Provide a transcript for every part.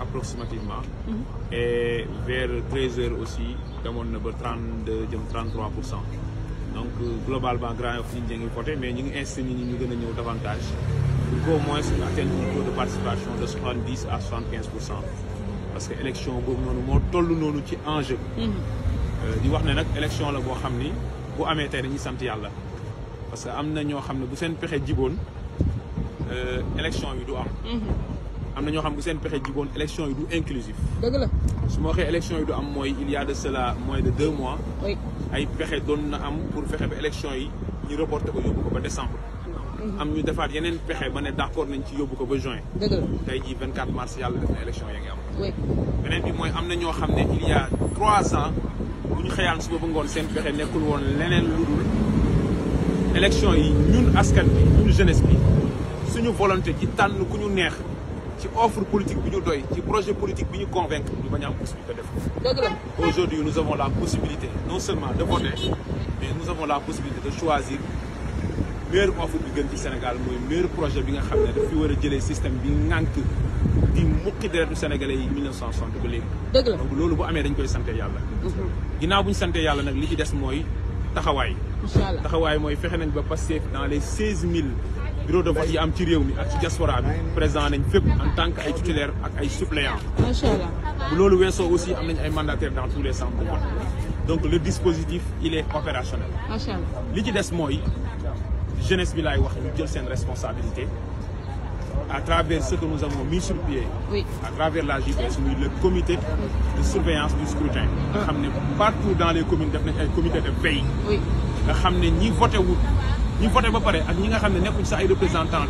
approximativement. Mhm. et vers treize heures aussi demoon na ba trente deux jëm trente trois pour cent. donc euh, globalement Grand Yoff ñu mais ñu ngi incité nit ñu gën a ñëw davantage pour qu'au moins ñu atteindre un de participation de soixante à soixante quinze pour cent. parce que élection boobu noonu moo tollu noonu ci enjeu. Mhm. Euh, di wax ne nag élection la boo xam ni bu amee tey dañuy sant yàlla parce que am na ñoo xam ne bu seen pexe jiboon euh, élection yi du am. Mhm. am na ñoo xam bu seen pexe jiboon élection yi du inclusif dëgg la su ma waxee élection yi du am mooy il y a de cela moins mois ay pexe doon na am pour fexe ba yi ñu reporté ko ko ba décembre mhm. am ñu defaat yeneen pexe ba ne d'accord nañ ci yóbbu ko ba juin dëgg la tey jii 24 mars yàlla def na élection mooy am na ñoo xam ne il trois ans bu ñu xëyaan suba ba ngoon seen nekkul woon leneen yi ñun askan bi ñun jeunesse bi suñu volonté ci tànn ku ñu neex ci offre politique bi ñu doy ci projet politique bi ñu convaincre ñu bañ a am possibilité def aujourd'hui nous avons la possibilité non seulement de voter mais nous avons la possibilité de choisir meilleure offre bi gën ci Sénégal mooy meilleur projet bi nga xam ne daf war a jëlee système bi ŋànk di muqi deretu sénégalais yi 1960 ba léegi donc loolu bu amee dañ koy sante yàlla ginnaaw bu ñu sante yàlla nag li ci des mooy taxawaay taxawaay mooy fexe nañ ba Pastef dans les seize mille bureau de vote yi am ci réew mi ak ci diaspora présent nañ fépp en tant que ay titulaire ak ay suppléant macha loolu weesoo aussi am nañ ay mandataires dans tous les centres de donc le dispositif il est opérationnel li ci des mooy jeunesse bi laay wax ñu jël seen responsabilité à travers ce que nous avons mis sur pied à travers la JPS muy le comité de surveillance du scrutin nga xam ne partout dans les communes def nañ ay comité de veille nga xam ne ñi voté wut ñi voté ba pare ak ñi nga xam ne nekkuñ sa ay représentant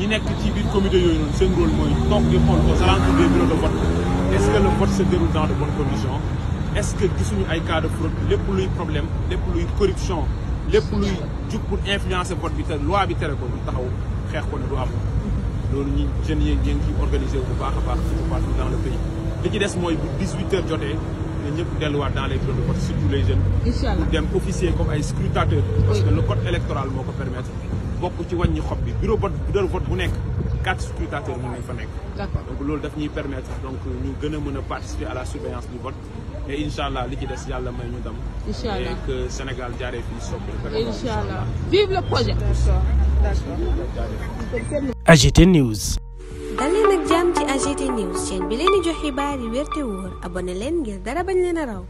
ñi nekk ci biir comité yooyu noonu seen rôle mooy toog di xool aux alentours des bureaux de vote est-ce que le vote se déroule dans de bonnes conditions est gisuñu ay cas de fraude lépp luy problème lépp luy corruption lépp luy jug pour influencer vote bi te loi bi tere ko ñu taxaw xeex ko ne du am loolu ñi jeunes yi ngeen ciy organiser bu baax a baax ci partout dans le pays li ci des mooy bu 18 heures na ñëpp delluwaat dans les bureaux de vote surtout les jeunes. incha allah dem officier comme ay scrutateurs. parce que le code électoral moo ko permettre. bokk ci wàññi xob bi bureau de vote bu nekk quatre scrutateurs mën nañ fa nekk. donc loolu daf ñuy permettre donc ñu gën a mën a participer à la surveillance du vote. et incha li ci des yàlla may ñu dem. incha que Sénégal jaaree fii soppi. incha vive le projet. d'accord News. news chaîne bi leen di joxe xibaar yi wér te wóor abonné leen ngir dara bañ leen a raw